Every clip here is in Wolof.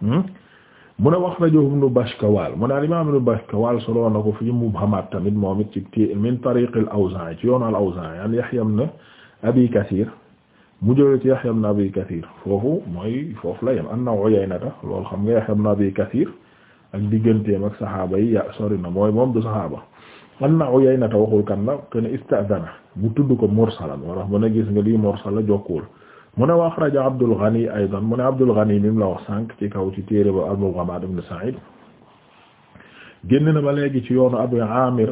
Hmm? mu ne wax rajo ibnu Bashkawal mu ne al imaam ibnu Bashkawal solo na ko fi Mubhamaat tamit moom it ci kii min tariq al-Awzaa'i ci yoon al-Awzaa'i an Yahya ibn Abi Kathir mu jëlee ci Yahya ibn Abi Kathir foofu mooy foofu la yem anna Uyaynata loolu xam nga Yahya ibn Abi Kathir ak digganteem ak saxaaba yi ya sori na mooy moom du saxaaba anna Uyaynata waxul kan la ken ista'dana mu tudd ko mursalan wala mu ne gis nga lii mursala jokkul mu ne wa axraja Abdul Ghani aydan mu ne Abdul Ghani mi mu la wax sànq ci kaw ci téere ba al-Mughamaat ibn Sa'id génn na ba léegi ci yoonu Abu Amir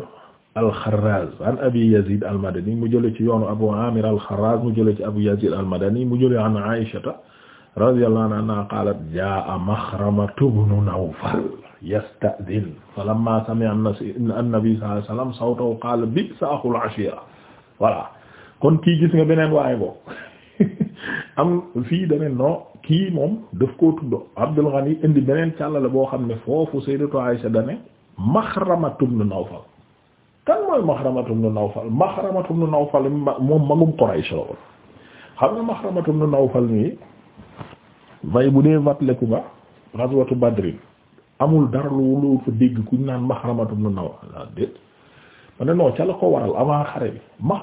al-Kharraz an Abi Yazid al-Madani mu jële ci yoonu Abu Amir al-Kharraz mu jële ci Abu Yazid al-Madani mu jële an Aïshata radiyallahu anha qaalat jaa'a Maxramatu ibnu Nawfal yasta'din falamma sami'a an-nabi sallallahu alayhi wa sallam sawtahu qaala bi'sa axul ashiira voilà kon kii gis nga beneen waaye boobu am fii dane non kii moom daf koo tuddo Abdul Ghani indi beneen càllale boo xam ne foofu Sayyidatu Aisha dane Maxramatu ibn Nawfal kan mooy Maxramatu ibn Nawfal moom magum bu dee vatleku nga ghazwatu Badrin amul dara lu naan Maxramatu ibn Nawfal la ah, déet ma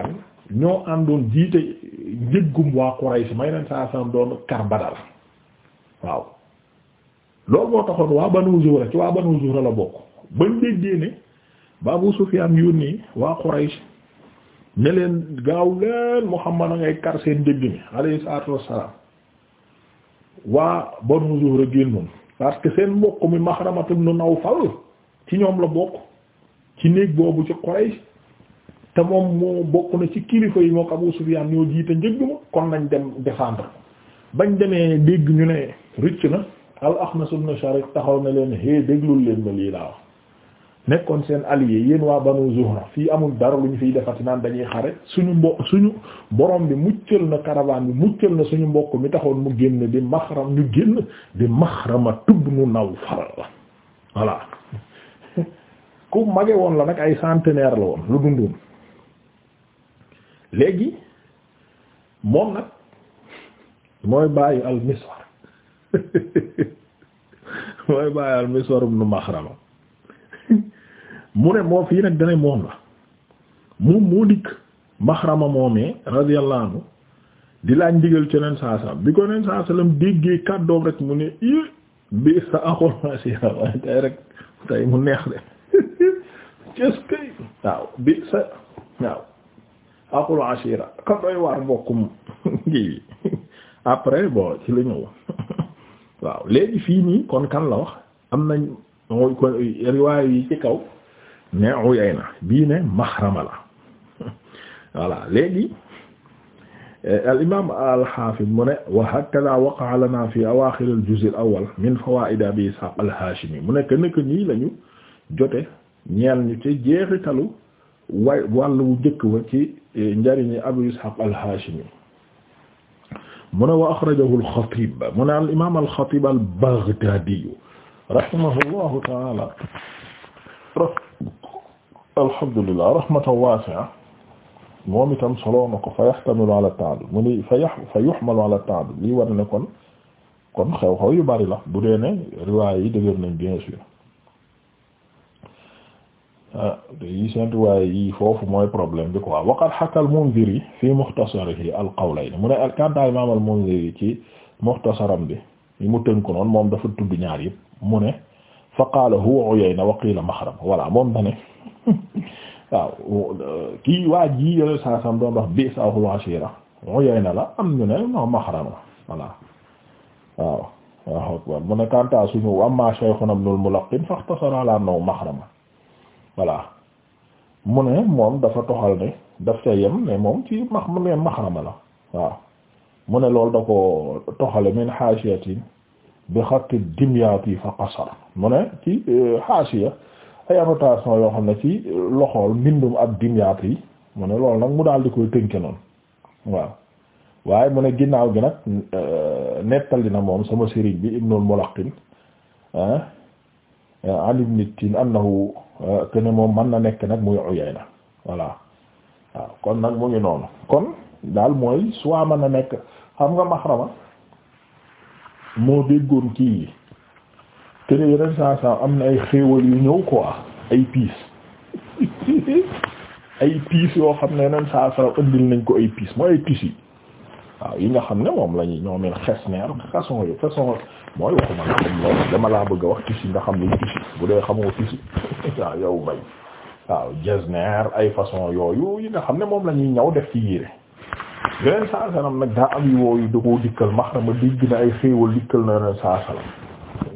ne ñoo àndoon jiite njëggum waa Quraysh may leen saa sam doon kar Badar waaw loolu moo taxoon waa Banu Zuhra ci waa Banu Zuhra la bokk bañ déggee ne ba Abu Sufyaan yónni waa Quraysh ne leen gaaw leen Muhammad a ngay kar seen njëgg mi alayhi salaatu wassalaam waa Banu Zuhra génnoon parce que seen mbokk mi Maxramatu ibn Nawfal ci ñoom la bokk ci néeg boobu ci Quraysh te moom moo bokk na ci kilifa yi moo ko Abu Sufyaan ñoo jiite njëgg ma kon nañ dem défendre bañ demee dégg ñu ne rëcc na al Axnas ibn Sharik taxaw na leen hé déglul leen ma lii laa nekkoon seen allié yéen waa Banu Zuhra fii amul dara lu ñu fiy defati naan dañuy xare suñu mbo suñu borom bi muccal na caravane bi muccal na suñu mbokk mi taxoon mu génn di maxram ñu génn di maxrama ibn Nawfal voilà ku mage woon la nag ay centenaire la lu dundoon léegi moom nag mooy bàyyi al-Miswar mooy bàyyi al-Miswar ibn Maxrama mu ne moo fii nag dane moom la moom moo dikk Maxrama moomee radiyallahu anhu di laaj ndigal ci nen saa sallam bi ko nen saa sallam déggee kàddoom rek mu ne i sa axolmacira waaye tay rek tay mu neex de cës kay waaw bi sa waaw aqul ashira ka doy waar mbokkum ngi après bon ci la waaw léegi fii nii kon kan la wax am nañ mooy yi ci kaw ne Uyayna bii ne Maxrama la voilà léegi eh, al imaam al xaafid mu ne wa hakaza waqa'a lana fi awaaxir al juz' al awwal min fawaa'id abi Ishaaq al Haashimi mu nekk nekk nii lañu jote ñeel ñu ci jeexitalu way wàllu njëkk wa ci njëriñi Abu Ishaq al-Hashimi mu ne wa axrajahu al-Xatiib mu ne al-imaam al-Xatiib al-Baghdaadi rahimahullahu ta'aala alhamdulillah rahmatan waasi'a moom itam solo na ko fa yahtamilu ala ta'addud mu ni fa fa yuhmalu ala ta'addud lii war ne kon kon xew-xew yu bari la bu dee ne riwaay yi dëgër nañ bien sûr ah yii seentu waaye yii foofu mooy problème bi quoi waqad haka al-Munziri fi mukhtasarihi al-qawlayn mu ne alkanta imam al-Munziri ci mukhtasaram bi yi mu tënk noonu moom dafa tudd ñaar yëpp mu ne fa qaala huwa Uyayna wa qiila Maxram waaw kii ji yone saa sam doon wax ne non Maxram voilà waaw waaw mu ne kanta suñu amma Shaykhuna Maxrama voilà mu ne moom dafa toxal ne daf ca yem ne moom ci max mu ne maxarama la waaw mu ne loolu da ko toxale min xaasiyatin bi xatti yi fa qasar mu ne ci euh, xaasiya ay annotation yoo xam ne ci loxool mbindum ak dimyaat yi mu ne loolu nag mu daal di koy tënke noonu waaw waaye mu ne ginnaaw gi nag euh, nettali na moom sama sëriñ bi ibnul mulaqin ah, an ibn tin annahu te euh, ne moom mën na nekk nag mu muy Uyayna voilà waaw kon nag mu ngi noonu kon daal mooy soit mën na nekk xam nga Maxrama moo déggoon kii yi te am na ay xéewal yu ñëw quoi ay piis ay yoo xam ne yeneen saa nañ ko ay piis mooy nga xam ne moom lañuy ñoomeel xes neer façon yu façon mooy waxuma la comme loolu dama laa bëgg a wax tissu nga bu dee xamoo tissu waaw yow bay ay façon yooyu yi nga xam ne moom la ñuy ñaw def ci yére yeneen saa salaam nag daa am yooyu da koo dikkal maxrama digg na ay xéewal dikkal na yeneen saa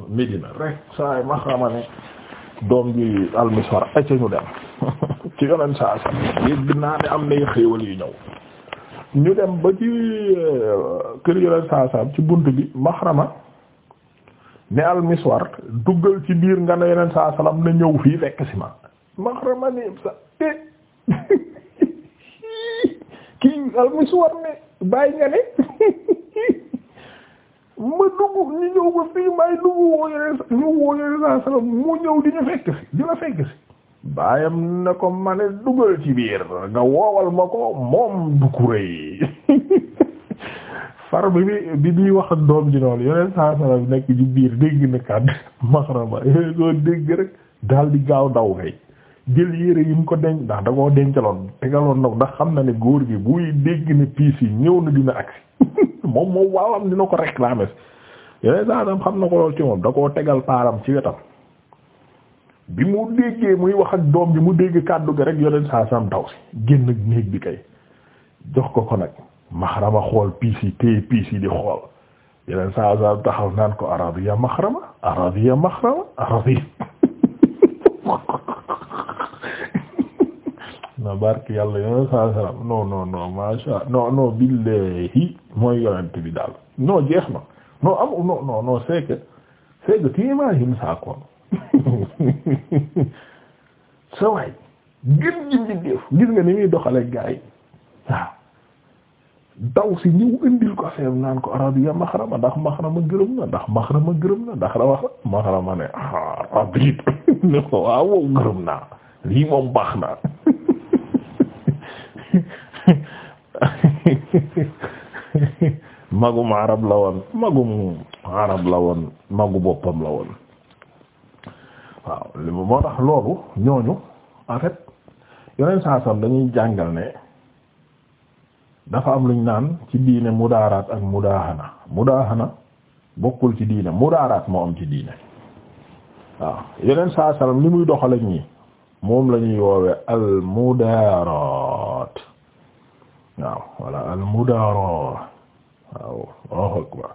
Medina rek saa yi maxrama ne doom bi almiswar acca ñu dem ci yeneen saa salaam digg ne am nay xéewal yu ñëw ñu dem ba ci eh, kër yeneen saa ci bunt bi maxrama ne al miswar duggal ci biir nga ne yeneen saa salaam na ñëw fii fekk si ma maxramani sa te eh. kii al ne bàyyi nga ne ma dugg ñu ñëw ba fii may dugg woo yeneen ñu woo yeneen saa salaam mu ñëw di ñu fekk si di ma fekk si baayam na ko ma ne duggal ci biir nga woowal ma ko moom du kuréy far bi bi muy wax ak doom ji noonu yoneen saa salaam nekk ci biir dégg na kàdd maxarama loo dégg rek daal di gaaw daw kay jël yére yi mu ko denc ndax da koo dencaloon tegaloon na ndax xam na ne góor gi buy dégg ne piis yi ñëw na dina agsi moom moom waawam dina ko réclamer si yoneen saa salaam xam na ko lool ci moom da koo tegal paaram ci wetam bi mu déggee muy wax ak doom bi mu dégg kàddu gi rek yoneen saa salaam daw si génn néeg bi kay ko ko nag maxarama xool piis yi téye piis yi di xool yeneen saa saa taxaw naan ko aradiya maxarama aradiya maxarama aradiya na barke yàlla yeneen saa saa non non non masha non non billahi mooy yonent bi daal non jeex na non am non non non c'est que c'est que tu imagines ça quoi sa gën nga ni doxale gaay daw si ñëw indil ko affaire naan ko arabiya maxarama ndax maxarama gërëm na ndax maxarama gërëm ne rabit ah ne ko waaw wow gërëm naa lii moom baax na magum arab la woon magum arab la woon magu boppam la woon waaw li moo tax loolu ñooñu en fait yeneen dañuy jàngal ne dafa am luñ naan ci diine mudaaraat ak mudaahana mudaahana bokkul ci diine mudaaraat moo am ci diine waaw yeneen saa salaam li muy doxal ak ñi moom la ñuy woowe al mudaaraat waaw wala al mudaaraat waaw Allahu akbar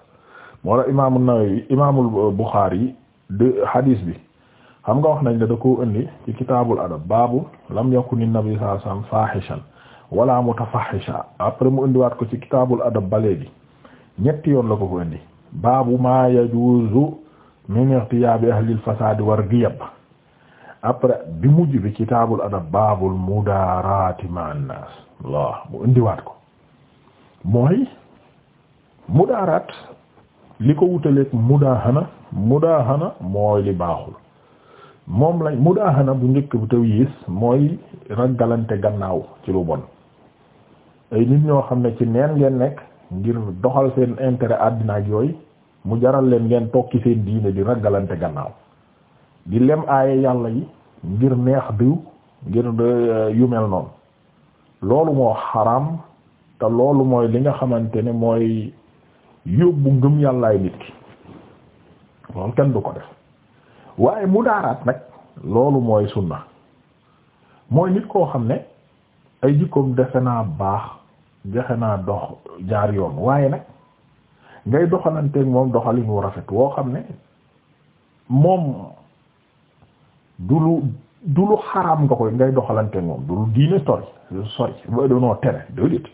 moo la imaamu Nawawi imaamul Buxaari de hadis bi xam nga wax nañ ne da koo indi ci kitaabul adab baabu lam yakuni nabi sallallahu alayhi wasallam wala mutafahisha après mu indiwaat ko ci kitaabul adab ba léegi ñetti yoon la ko ko indi baabu ma yajuuzu min irtiyaabi ahlil fasaadi war giyab après bi mujj bi kitaabul adab baabul mudaaraati ma'an naas Allah mu indiwaat ko mooy mudaaraat li ko wutaleeg mudaahana mudaahana mooy li baaxul moom lañ mudaahana bu njëkk bu taw yées mooy raggalante gannaaw ci lu bon ay nit ñoo xam ne ci neen ngeen nekk ngir doxal seen intérêt àddina yooyu mu jaral leen ngeen tokki seen diine di raggalante gannaaw di lem aaye yàlla yi ngir neex diw ngir euh, yu mel noonu loolu moo xaraam te loolu mooy li nga xamante ne mooy yóbbu ngëm yàllaay nit ki loolu kenn du ko def waaye mu daaraat nag loolu mooy sunna mooy nit koo xam ne ay jikkoom defe naa baax joxe naa dox jaar yoon waaye nag ngay doxalanteeg moom doxalin wu rafet woo xam ne moom du lu du lu xaraam nga koy ngay doxalanteeg moom du lu diine sori sori ba doonoo tere déedéet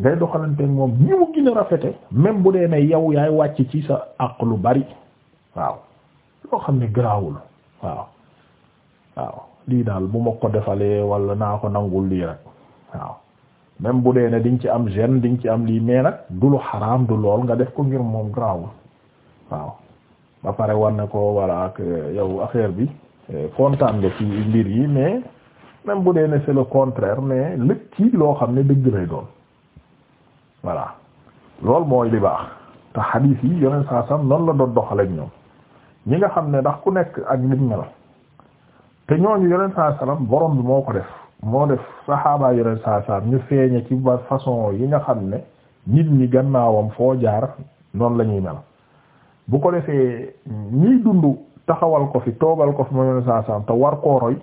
ngay doxalanteeg moom ni mu gën rafete même bu dee ne yow yaay wàcc ci sa àq lu bari waaw loo xam ne garaawul waaw waaw lii daal bu ma ko defalee walla naa ko nangul lii rek waaw même bu dee ne diñ ci am gêne diñ ci am lii mais nag du lu xaraam du lool nga def ko ngir moom grawul waaw ba pare war na ko walla ak euh, yow affaire bi euh, kontaan nga mbir yi mais même bu dee ne c'est le contraire mais lépp loo xam ne dëgg lay doon voilà loolu mooy li baax te xadiis yi yeneen saa sam noonu la doon doxaleek ñoom ñi nga xam ne ndax ku nekk ak lim mel te ñooñu yeneen saa salaam borom bi moo ko def. moo def saxaabaa yoneen saa saam ñu feeñe ci ba façon yi nga xam ne nit ñi gannaawam foo jaar noonu la ñuy mel bu ko defee ñiy dund taxawal ko fi toogal ko fi ma yoneen saa saam te war koo roy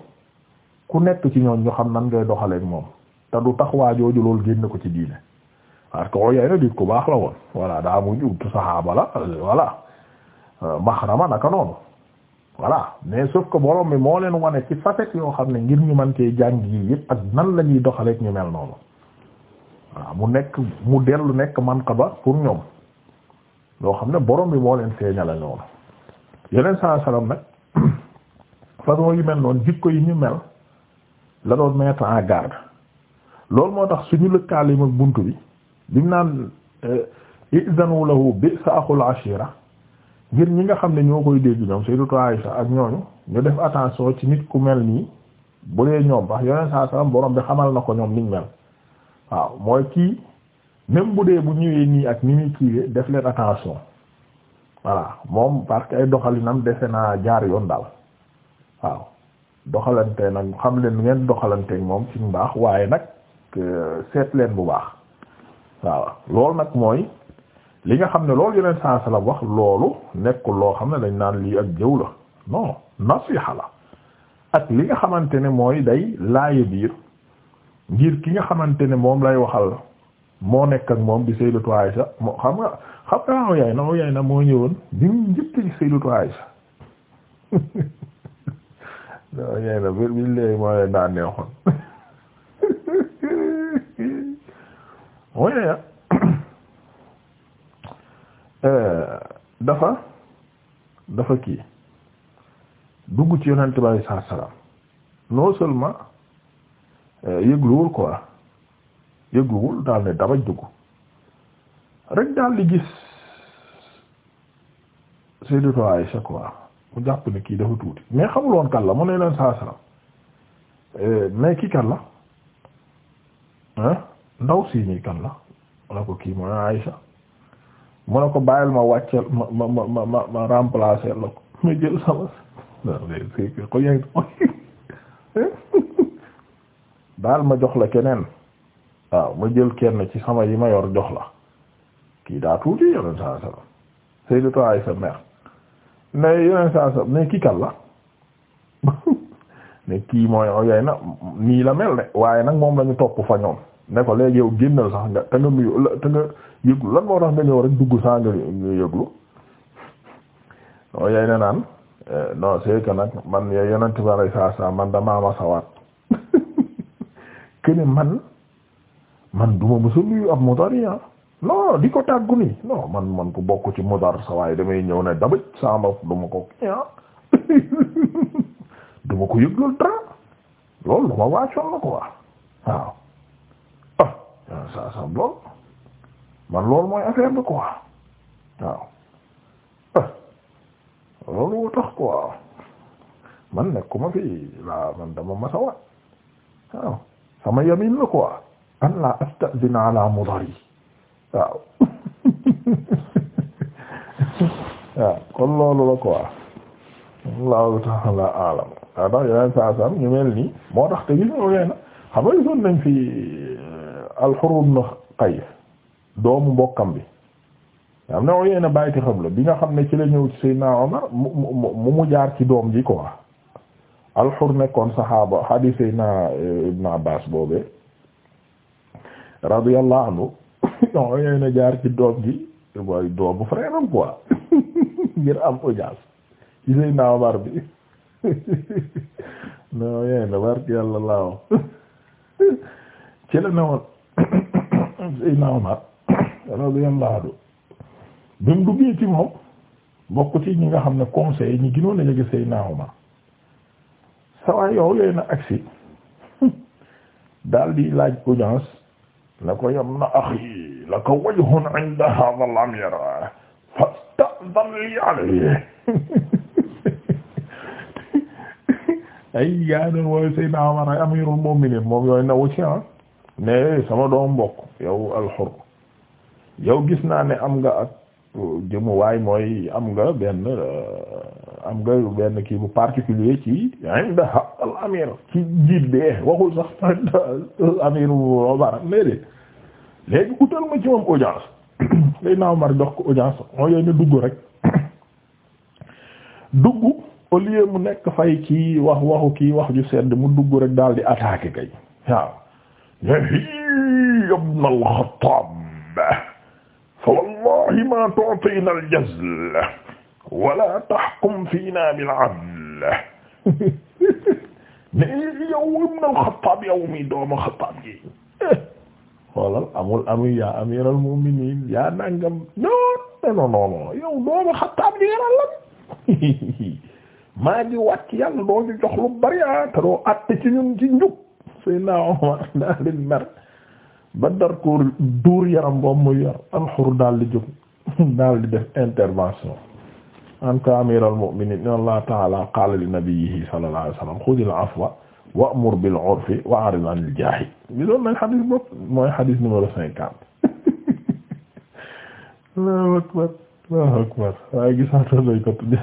ku nekk ci ñoom ñu xam nan ngay doxaleek moom te du tax waajooju loolu génne ko ci diine parce que oo yaay na dit ku baax la woon voilà daa mujj ut saxaaba la voilà euh, maxrama naka noonu voilà mais sauf que borom bi moo leen wane ci facette yoo xam ne ngir ñu mën cee jàng yi yëpp ak nan la ñuy doxaleek ñu mel noonu waaw mu nekk mu dellu nekk ba pour ñoom loo xam ne borom bi moo leen feeñale noonu yeneen saa salaam nag façon yu mel noonu jikko yi ñu mel la doon mettre en garde loolu moo tax suñu lëkkaale ak buntu bi bi mu naan euh, izanu lahu bi sa axul ashira ngir ñi nga xam ne ñoo koy dégg ñoom Sayyidatu Aisha ak ñooñu ñu def attention ci nit ku mel nii bu dee ñoom wax yeneen saa salaam borom bi xamal na ko ñoom niñ mel waaw mooy kii même bu dee bu ñëwee nii ak ni ñuy kiiwee def leen attention voilà moom parce que ay doxalinam defe naa jaar yoon daal waaw doxalante nag xam leen ngeen doxalante moom ci mbaax waaye nag euh, seet leen bu baax waaw loolu nag mooy. li nga xam ne loolu yeneen saa salaam wax loolu nekkul loo xam ne dañ naan lii ak jëw la non nasiha la ak li nga xamante ne mooy day laaye biir ngir ki nga xamante ne moom lay waxal la moo nekk ak moom di Sayyidatu Aisha moo xam nga xam nga ah, yaay na moo ñëwoon bi mu njëkk ci Sayyidatu Aisha oo yaay na biir bi léegi moo leen daan neexoon oo yaay Euh, dafa dafa kii dugg ci yonent bi alayhi salaatu salaam non seulement euh, yëgluwul quoi yëgluwul daal ne dabaj dugg rek daal di gis Sayyidatu Aisha quoi mu jàpp ne kii dafa tuuti mais xamul kan la mu ne leen saa salaam euh, mais kii kan la ndaw si kan la wala ko kii mooy Aisha. mu ne ko bàyyil ma wàcceel ma ma ma ma ma ma la ko ma jël sama daal ma jox la keneen waaw ma jël kenn ci sama yi ma yor jox la kii daa tuuti yeneen saa salaam Sayyidatu ne yeneen saa salaam ne kii la ne kii mooy Uyayna nii la mel de waaye nag moom lañu topp fa ñoom ne ko léegi yow génnal sax nga te nga mu te nga yëglu lan moo tax nga ñëw rek dugg saa nga yëglu non yay na naan eh, non c'est nag man yooyu yonent baray saa saa man damaa ma sawaat kene man man duma mësa nuyu ab motar yi ah. non di ko tàggu nii non man man ku bokk ci motar sa waaye damay ñëw ne dabaj sama duma ko ah. yëg loolu dara loolu dama waacoon na ko ah. waaw waaw saa sam lool man loolu mooy affaire bi quoi waaw eh, loolu moo tax quoi man nekkuma fi la man dama masawaat waaw sama yamin la quoi an la astadina ala mudari waaw waaw kon loolu la quoi allahu taala alam waaw dax yeneen saa sam ñu mel nii moo tax te gis ñoo yeena xam nga nañ fi al-Hurr ibn Qays doomu mbokkam bi am na yéen a bàyyi xam la bi nga xam ne ci la ñëw ci Omar mu mu jaar ci doom ji quoi al nekkoon saxaaba hadiis Seydina eh, Ibn Abbas boobee radiyallahu anhu non yéen a jaar ci doom ji doomu frère am ngir am audience ci Seydina Omar bi non yéen a barki yàlla laaw ci la ne woon Seydina Umar radiyallahu anhu bi mu duggee ci moom bokk ci ñi nga xam ne conseil ñi gënoon a jege Seydina Umar sawaay yow leen na agsi daal di laaj audience la ko yam na axi la ko wajhun inda hadha al-amir fasta'dhan ay yaa doon wooyu Seydina Umar ay amirul mu'minin moom yooyu na wu ci ah. ne sama doom mbokk yow alxur yow gis naa ne am nga ak uh, jëmuwaay mooy am nga benn uh, am nga benn kii bu particulier ci inda al amir ci njiit bee eh, waxul sax amir Omar nee de léegi utal ma ci moom audience léegi naa Omar jox ko audience moo yooyu ne dugg rek dugg au lieu mu nekk fay kii wax waxu kii wax ju sedd mu dugg rek daal di attaquer kay waaw ibn al-Khattab fa wallahi ma tu'tina al-jazl wala tahkum fina bil-'adl mais yow ibn al-Khattab yow mi doomu Khattab gi xoolal amul amul yaa amir al-mu'minin yaa nangam non non non yow doomu Khattab gi yaral lan maa ngi wàcc yàlla doo ñu jox lu bari ah, te doo àtte ci ñun ci njub Seydina Omar daa leen mer ba dar ko duur yaram boobu muy yor alxur daal di jóg daal di def intervention anta amiral mu'minin allah taala qala li nabiyhi sallallahu alayhi wasallam xudil afwa wa'mur bil urfi wa'rid anil jahil bi doon nañ xadis bopp mooy xadis numéro cinquante Allahu akbar Allahu akbar waaye gisaata lay ko tudde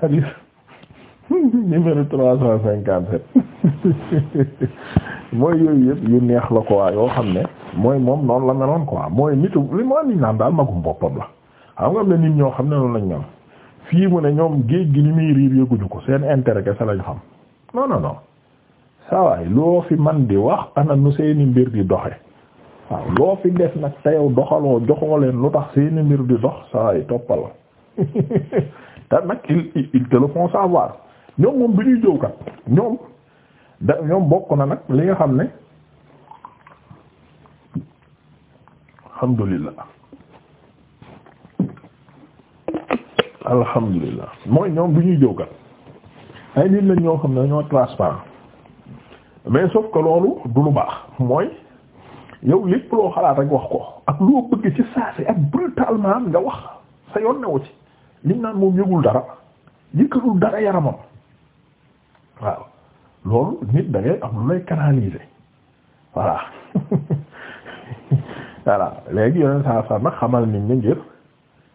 xadis numéro trois cent cinquante-sept mooy yooyu yëpp yu neex la quoi yoo xam ne mooy moom noonu la meloon quoi mooy nitu li moo daal magum boppam la xam nga am na nit ñoo xam ne noonu lañ ñoom fii mu ne ñoom géej gi li muy riir yëguñu ko seen intere intérêt kese lañ xam non non non sawaay loo fi man di wax ana nu seeni mbir di doxe waaw loo fi def nag te yow doxaloo joxoo leen lu tax seeni mbir di dox sawaay toppal la te nag il il te le font ñoom moom bi ñuy jëw ñoom da ñoom bokk na nag li nga xam ne alhamdulillah alhamdulillah mooy ñoom du ñuy jëwkat ay nit lañ ñoo xam ne ñoo transparent mais sauf ko loolu du lu baax mooy yow lépp loo xalaat rek wax ko ak loo bëgg ci saasi ak brutalement nga wax sa yoon newu ci liñ naan moom yëgul dara yëkkatul dara yaramam waaw loolu nit da ngay am lu lay canaliser voilà voilà léegi yoneen saa saa nag xamal nit ñi ngir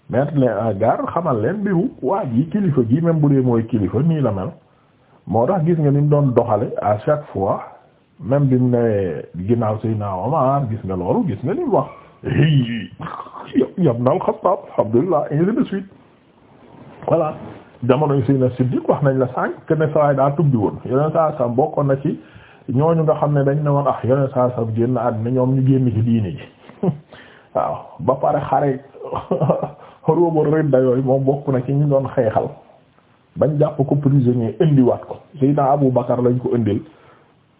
mettre leen en garde xamal leen mbiru waa ji kilifa gi même bu dee mooy kilifa nii la mel moo tax gis nga ni doon doxale à chaque fois même bi mu ne ginnaaw Seydina Omar gis nga loolu gis nga ni wax yab nal Xattaab Abdullah ainsi de suite voilà jamono yu Seydina Siddiq wax nañ la sànq que ne daa tubbi woon yeneen saa sam bokkoon na ci ñooñu nga xam ne dañ ne woon ah yeneen saa sam génn àddina ñoom ñu génn ci diini ji waaw ba pare xare Ruubu Ridda yooyu moom bokk na ci ñu doon xeexal bañ jàpp ko prisonnier indiwaat ko Seydina Abu Bakar lañ ko indil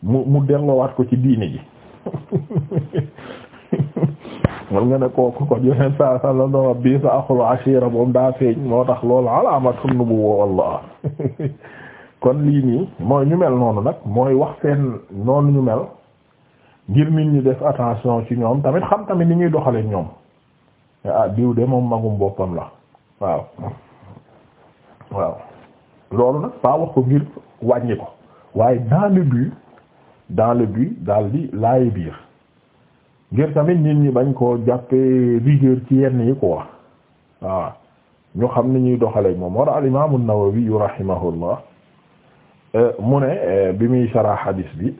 mu mu delloowaat ko ci diini ji wal nga ne kooku ko yoneen saa saa la doon bii sa axul ashira moom daa feeñ moo tax loolu alaamatu nubuwwa wallah kon lii nii mooy ñu mel noonu nag mooy wax seen noonu ñu mel ngir nit ñi def attention ci ñoom tamit xam tamit ni ñuy doxale ñoom ah diw de moom magum boppam la waaw waaw loolu nag pas wax ko ngir wàññi ko waaye dans le dans le but di laay biir ngir tamit nit ñi bañ koo jàppee rigueur ci yenn yi ko waaw ñu xam ni ñuy doxalee moom war al imam an-Nawawi rahimahullah euh, mu ne euh, bi muy sarah hadis bi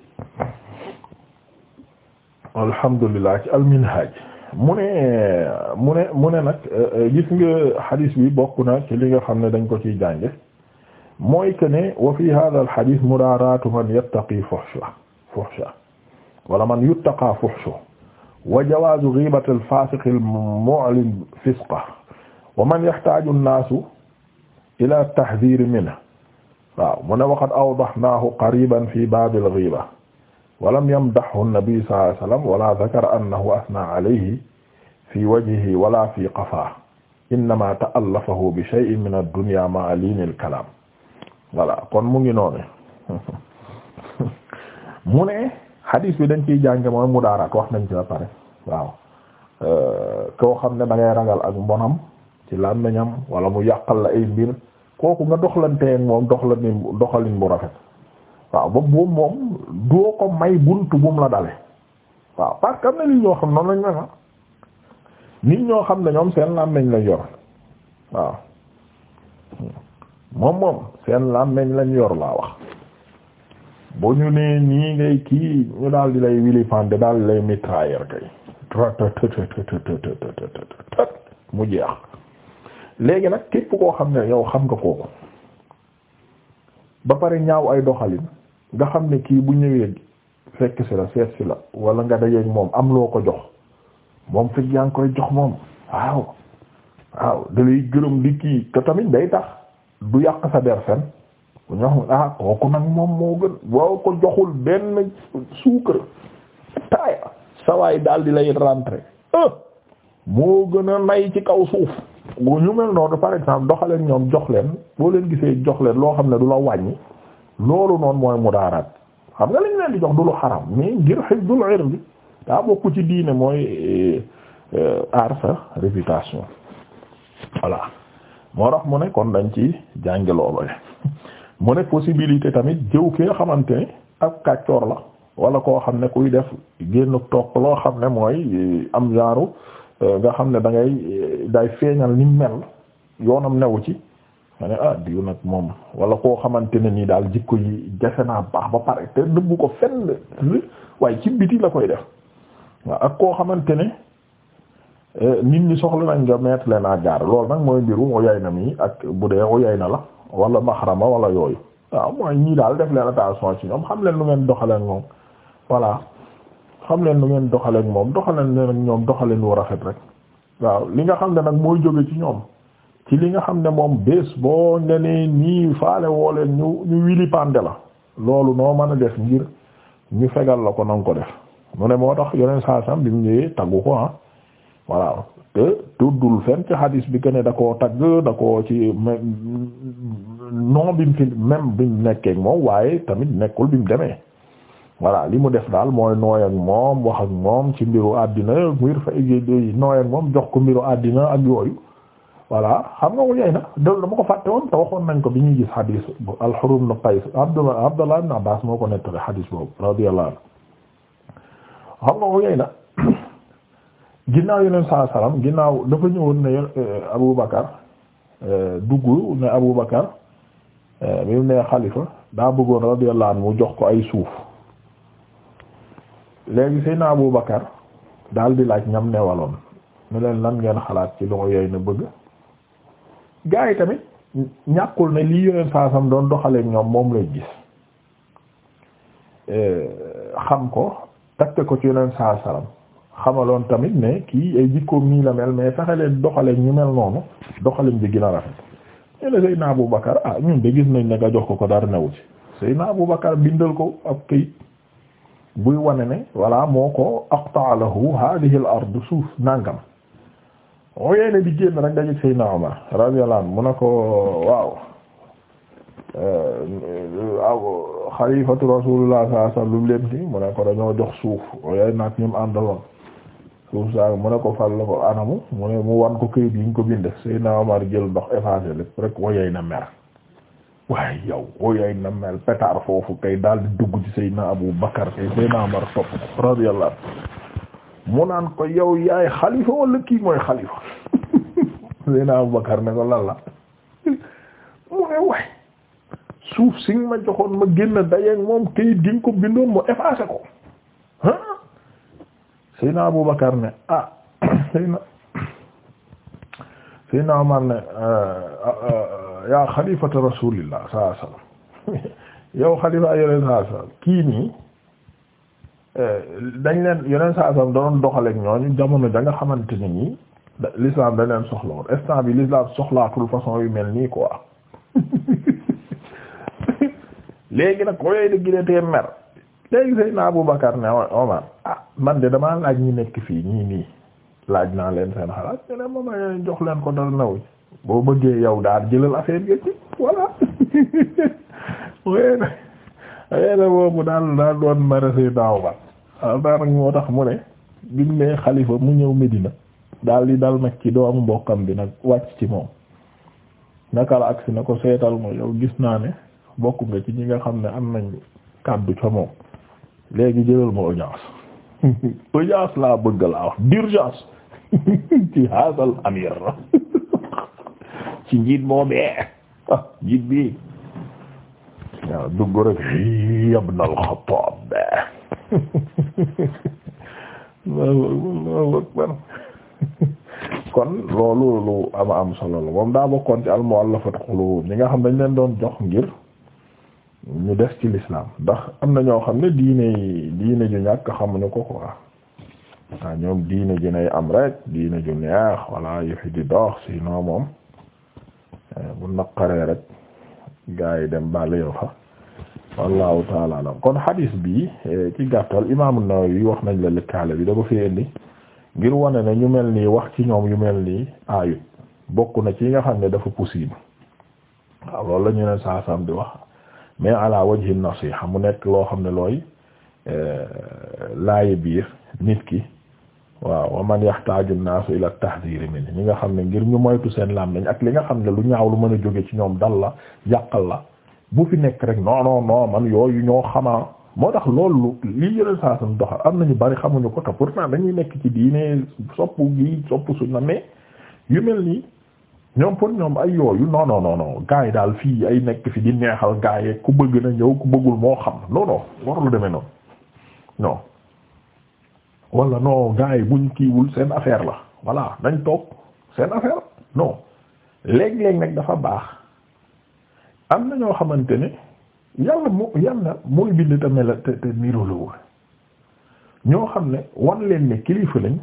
alhamdulillah ci al-Minhaj mu ne mu ne mu ne nag euh, gis nga hadis bi bokk na ci li nga xam ne dañ ko ci jànge mooy que ne wa fi hadha al-hadith mudaraatu man yattaqi fuhsha fuhsha wala man yuttaqa fuhsha wa jawaazu ghiibati al-faasiqi al-mu'lin fisqa wa man yahtaaju an-naasu ilaa tahdhiiri minhu waaw mu ne waqad awdahnaahu qariiban fii baabi al-ghiiba wa lam yamdahhu an-nabi sallallahu alayhi wa sallam wa laa dhakara annahu athnaa alayhi fii wajhihi wa laa fii qafaahu innamaa ta'allafahu bi shay'in min ad-dunyaa ma'a liinil kalaam voilà kon mu ngi noonu mu ne xadiis bi dañ ciy jànge mooy mudaaraat wax nañ ci ba pare waaw euh, koo xam ne dangay ngay ragal ak mbonam ci làmmiñam wala mu yàqal la ay mbir kooku nga doxlantee moom doxalin doxalin bu rafet waaw ba boobu moom doo ko may bu mu la dale waaw parce am na nit ñoo xam noonu lañ mel na ah. nit ñoo xam ne ñoom seen làmmiñ lañ yor waaw hmm. moom moom seen làmmiñ lañ yor laa wax boo ñu nee ñii ngay kii ñu daal di lay wili fande daal di lay mitrailleur kay mu jeex léegi nag képp koo xam ne yow xam nga kooku ba pare ñaaw ay doxalin nga xam ne kii bu ñëwee fekk si la seet si la wala nga dajeeg moom am loo ko jox moom fekk yaa ngi koy jox moom waaw waaw da gërëm di kii te tamit day tax du yàq sa der ku ñu wax ah kooku nag moom moo gën boo ko joxul benn suukar taaya sawaay dal di lay rentré ah, moo gën a nay ci kaw suuf bu ñu mel noonu par exemple doxaleen ñoom jox leen boo leen gisee jox leen loo xam ne du la wàññi loolu noonu mooy mudaaraat xam nga lañ leen di jox du lu xaram mais ngir hifdul irdi daa bokk ci diine mooy eh, eh, aar sa réputation voilà moo tax mu ne kon dañ ci jànge loolu mu ne possibilité tamit jëw ki nga xamante ni ak kàccoor la wala koo xam ne kuy def génn topp loo xam ne mooy eh, am genre eh, nga xam ne dangay eh, day feeñal ni mel yoonam newu ci ma ne ah diw nag moom wala koo xamante ne nii daal jikko ba pare ko fenn waaye la koy def waaw koo xamante ne nit ñi soxla nañ nga mettre leen à garde nag mooy mbiru oyay na mi ak bu dee yaay na la wala mahrama wala yooyu waaw mooy ñii daal def leen attention ci ñoom xam leen lu ngeen doxalee ak moom voilà xam leen lu ngeen doxalee ak moom doxaleen leen ak ñoom doxaleen wu rafet rek waaw li nga xam ne nag mooy jóge ci ñoom ci li nga xam ne moom bés boo ne nee nii faale woo leen ñu ñu wili pande la loolu noo mën a def ngir ñu fegal la ko na ko def mu ne moo tax yeneen saa sam bi mu ñëwee taggu ko ah voilà te tuddul fenn ci hadis bi que ne da koo tagg da koo ci non bi mu fi même bi mu nekkee moom waaye tamit nekkul bi mu demee voilà li mu def daal mooy nooy ak moom wax ak moom ci mbiru àddina ngir fa nooy moom jox ko mbiru àddina ak yooyu voilà xam nga yey na dol dama ko fàtte woon te waxoon nañ ko bi ñuy gis hadis al-Hurum ibn Qays Abdullah Abdullah ibn Abbas moo ko nettale hadis boobu radiyallahu anhu xam nga yey na ginnaaw yeneen saa ginnaaw dafa ñëwoon ne eh, Abu Bakar eh, dugg ne Abu Bakar eh, bi mu nee xalifa daa bëggoon radiyallahu mu jox ko ay suuf léegi Seydina Abu Bakar daal di laaj ñam newaloon ne leen lan ngeen xalaat ci loxo yooyu na bëgg gaa yi tamit ñàkkul ne lii yeneen saa doon doxalee ñoom moom lay gis xam ko takk ko ci yeneen saa xamaloon tamit ne kii ay jikkoom nii la mel mais fexe leen ñu mel noonu doxalin bi gën a rafet ñene Seydina Abu Bakar ah ñun de gis nañ ne nga jox ko ko dara newu ci Seydina Abu Bakar bindal ko ab këyit buy wane ne voilà moo ko aqta'a lahu hadhihi ard suuf nàngam ooyee ne di génn rek dajeg Seydina Umar radiyallahu anhu mu ne ko waaw euh, aw xalifatu rasulullah sallallahu alayhi wasallam lu mu leen ci mu ko dañoo jox suuf ooyee naag ñim àndaloon suuf saa mu ne ko fal la ko anamu mu ne mu wan ko këyit yi ñu ko bindee Seydina Omar jël ndox effacé lépp rek woyay na mer waaye yow woyay na mer pétard foofu kay daal di dugg ci Seydina Abu Bakar kay Seydina Omar topp ko radiyallahu mu mu ne waay suuf si nga joxoon ma génn dajeeg moom këyit gi ñu ko bindoon mu effacé ko Seydina Aboubacar ne ah Seydina Seydina Omar ne ah, ah, ah, yaa xalifata rasulillah sallallahu alayhi wasallam yow xalifa yeneen sallallahu alayhi wasallam kii nii eh, dañ leen yeneen sallallahu alayhi wasallam doon doxaleek ñooñu jamono ja nga xamante ni nii l'islam dañ leen soxla instant bi l'islam soxlaatul façon yu mel nii quoi léegi nag ko yooyu dëgg de tee mer. léegi Seydina Aboubacar ne Omar ah man de damaa laaj ñi nekk fii ñii nii laaj naa leen seen xalaat ñu moom la jox leen ko dal naw boo bëggee yaw daal jëlal affaire bi voilà xëy na mu ne bi xalifa mu ñëw Medina daal di dal nag ci doomu mbokkam bi nag wàcc ci moom naka la agsi na ko seetal ma yow gis naa ne bokk nga ci ñi nga xam ne am nañ kàddu ca moom. léegi jëlal ma audience audience laa bëgg laa wax d'urgence ci haasal amir ci njiit boobee ah njiit bi waaw dugg rek ibn al-Khattab Allahu akbar kon loolu lu ama am solo la moom daa bokkoon ci al-mu'allafat qulub ñi xam dañ leen doon jox ngir ñu des ci l'islam ndax am na ñoo xam ne diine diine ju ñàkk xamuñu ko quoi waaw ñoom diine ju nay am rek diine ju neex walla yu fi di dox sinon moom eh, bu naqaree rek gaa yi dem bàle yoo fa wallahu taala kon hadis bi eh, ci gàttal imaamu Nawawi wax nañ la lëkkaale bi da ko fi indi ngir wane na ñu mel nii wax ci ñoom yu mel nii ayut bokk na ci nga xam ne dafa possible waaw loolu lañu ñu ne saasam di wax mais ala wajhi nasiha mu nekk loo xam ne looy euh, laayi biir nit ki waaw wa man yaxtaaju naasu ila tahdiri min ñi nga xam ne ngir ñu moytu seen làmmiñ ak li nga xam ne lu ñaaw lu mën a jóge ci ñoom dal la yàqal la bu fi nekk rek non non non yooyu ñoo xamaa moo tax loolu li yeneen saa suñ doxal am nañu bari xamuñu ko te pourtant dañuy nekk ci diine sopp gi sopp suñ na yu mel nii ñoom pour ñoom ay yooyu non non non non yi daal fii ay nekk fi di neexal gars yi ku bëgg na ñëw ku bëggul moo xam non non warul demee noonu non wala non gars yi buñ kiiwul seen affaire la voilà nañ toog seen affaire non léeg-léeg nag dafa baax am na ñoo xamante ne yàlla mu yàlla mooy bind te mel te te nirooloo ñoo xam ne wan leen ne kilifa lañ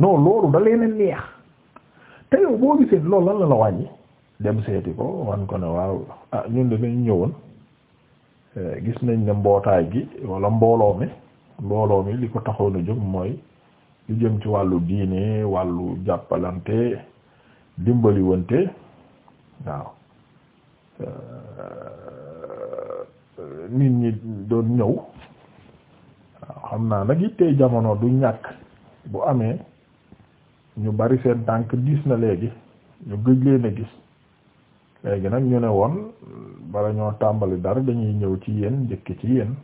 non loolu da leen neex. te yow boo gisee loolu lan la la wàññi dem seeti ko wan ko ne waaw ah ñun de dañu ñëwoon eh, gis nañ ne mbootaay gi wala mbooloo mi mbooloo mi li ko taxoon a jóg mooy lu jëm ci wàllu diine wàllu jàppalante dimbaliwante waaw eh, nit ñi doon ñëw waaw xam naa nag it jamono du ñàkk bu amee. ñu bari seen tànk diis na léegi ñu gëj leen a gis léegi nag ñu ne woon bala ñoo tàmbali dara dañuy ñëw ci yéen njëkk ci yéen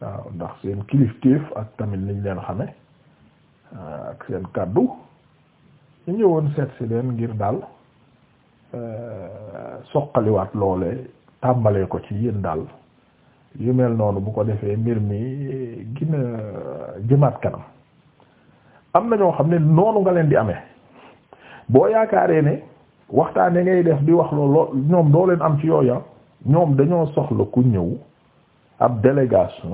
waaw ndax seen kilifteef ak tamit liñ leen xame ah, ak seen kàddu ñu ñëwoon seet si leen ngir daal eh, soqaliwaat loole tàmbalee ko ci yéen daal yu mel noonu bu ko defee mbir mi gën a jëmaat kanam am na ñoo xam ne noonu nga leen di amee boo yaakaaree ne waxtaane ngay def di wax lool ñoom doo leen am ci yooya ñoom dañoo soxla ku ñëw ab délégation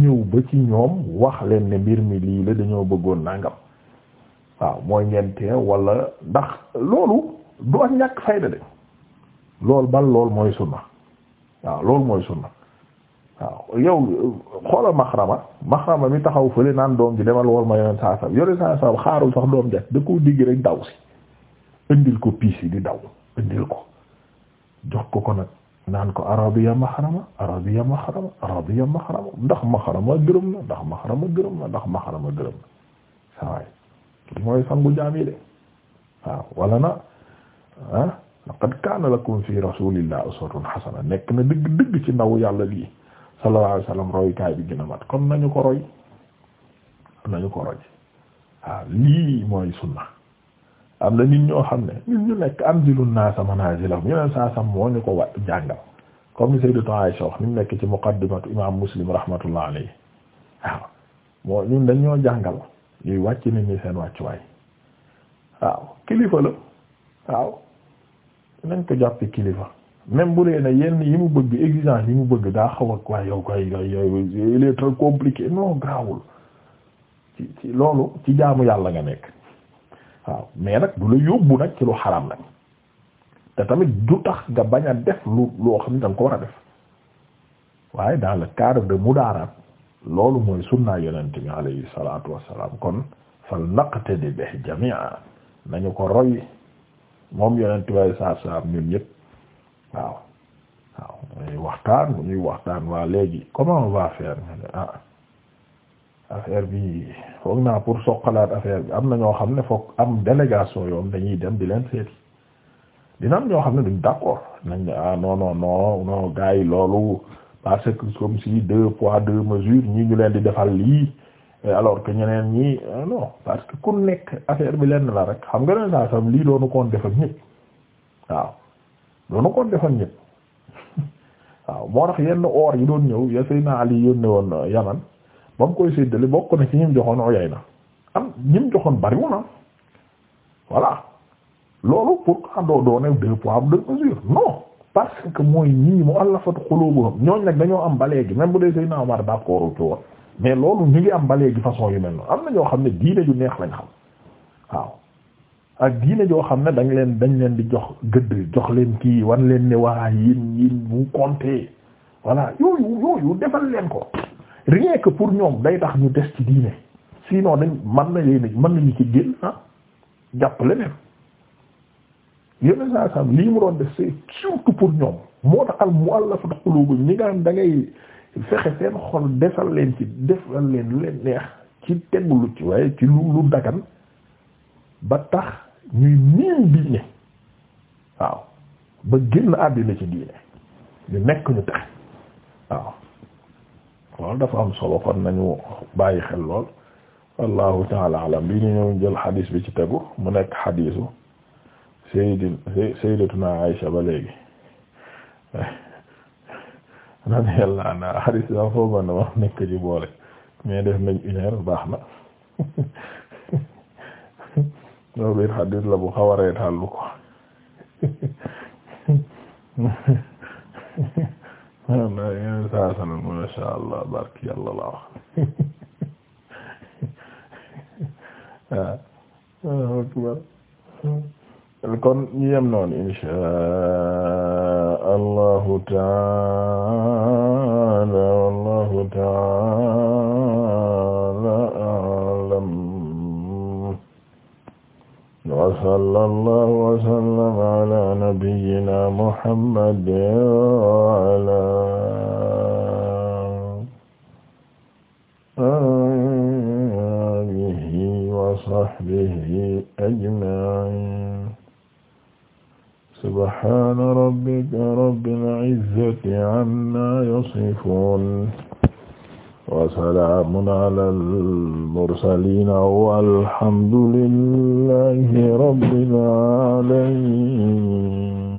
ñëw ba ci ñoom wax leen ne mbir mi lii la dañoo bëggoon nangam waaw mooy ngeen teew wala ndax loolu du ak ñàkk fayda de loolu bal lool mooy sunna waaw loolu mooy sunna waaw yow xoolal maxarama maxarama mi taxaw fële naan doom ji demal wol ma yoneen saa sam yoneen saa sam xaarul sax doom ja da koo digg rek ko piis di daw indil ko jox ko ko naan ko arabiya maxarama arabiya maxarama arabiya maxarama ndax maxarama gërëm na ndax maxarama gërëm na ndax maxarama gërëm na sawaay mooy sangu jaam wala na ah laqad kaana lakum fi rasuulillah uswatun nekk na dëgg dëgg ci ndaw yàlla lii sallallahu alayhi wasallam royukaay bi gën a kon nañu ko roy nañu ko roy waaw ah, lii mooy sunna am na nit ñoo xam ne nit ñu nekk anzilun naasa manaazilahum yeneen saa sam moo ñu ko wa jàngal comme Sayyidatu Aisha wax ni mu nekk ci muqaddimatu imaam Muslim rahmatullah alayhi waaw moo ñun dañoo jàngal ñuy wàcc nit ñi seen wàccuwaay waaw kilifa la waaw nañ ko jàppi kilifa même bu dee yenn yi mu bëgg exigence yi mu bëgg daa xaw ak waaye yow kay il est très compliqué non grawul ci ci loolu ci jaamu yàlla nga nekk waaw mais nag du la yóbbu nag ci lu xaram nag te tamit du tax nga bañ a def lu loo xam ne danga ko war a def waaye daal dans le mu de mudaaraat loolu mooy sunnaa yonent bi alayhi salaatu wassalaam kon fal naqtadi a jami'a nañu ko roy moom yonent bi alayhi salaatu ñun ñëpp waaw waaw ñuy waxtaan bu ñuy waxtaan waa léegi comment on va faire ah affaire bi foog naa pour soqalaat affaire bi am na ñoo xam ne foog am délégation yoom dañuy dem di leen seeti dina am ñoo xam ne duñ d'accord nañ ne ah yi loolu parce que comme si deux poids deux mesures ñi ñu leen di defal lii alors que ñeneen ñi ah, non parce que ku nekk affaire bi lenn la rek xam nga ne saa sam lii doonu koon def ñëpp waaw na ko defal ñëpp waaw moo tax yenn or yi doon ñëw ya Seydina Ali yónnee woon uh, Yaman ba mu koy séddale bokk na ci ñim joxoon na am ñim joxoon bariwul am ah. loolu pour que doo doone deux poids deux mesures non parce que mooy ñii mu'allafatu qulubuhum ñooñ nag dañoo am ba léegi même bu dee Seydina Omar d'accord ci woon mais loolu ñu ngi am ba léegi façon yu mel noonu am na ñoo xam ne diine yu neex lañ xam waaw ak diine joo xam ne dañ leen dañ leen di jox gëdd jox leen kii wan leen ne waa yéen yéen bu compter voilà yooyu yooyu defal leen ko rien que pour ñoom day tax ñu des ci diine sinon dañ mën na leen mën nañu ci génn ah jàpp leneen yeneen saa sam lii mu doon def c'est surtout pour ñoom moo tax al mu'allafatu qulubuhum ñi nga am da ngay fexe seen xol defal leen ci defal leen lu leen neex ci tegulu ci waaye ci lu lu dagan ba tax. ñuy miin diine waaw ba génn àddina ci diine ñu nekk ñu tax waaw loolu dafa am solo kon nañu bàyyi xel lool wallahu taala alam bi ñu ñëw jël xadiis bi ci tegu mu nekk xadiisu sayyidin sayyidatuna Aisha ba léegi radiyallahu anha xadiis dafa foofu na wax nekk ci boole mais def nañ une baax na loolu biir xadis la bu xaw a reetal lu ko na yéen saa sanal ma sha Allah barki yàlla la wax waaw akbar kon ñu yem noonu inshaa Allahu taala wallahu taala sallallahu wa sallam ala nabiyyina muhammad wa ala alihi wa sahbihi ajma'in subhana rabbika rabbil izzati amma yasifun wa salamun ala al mursalin walhamdu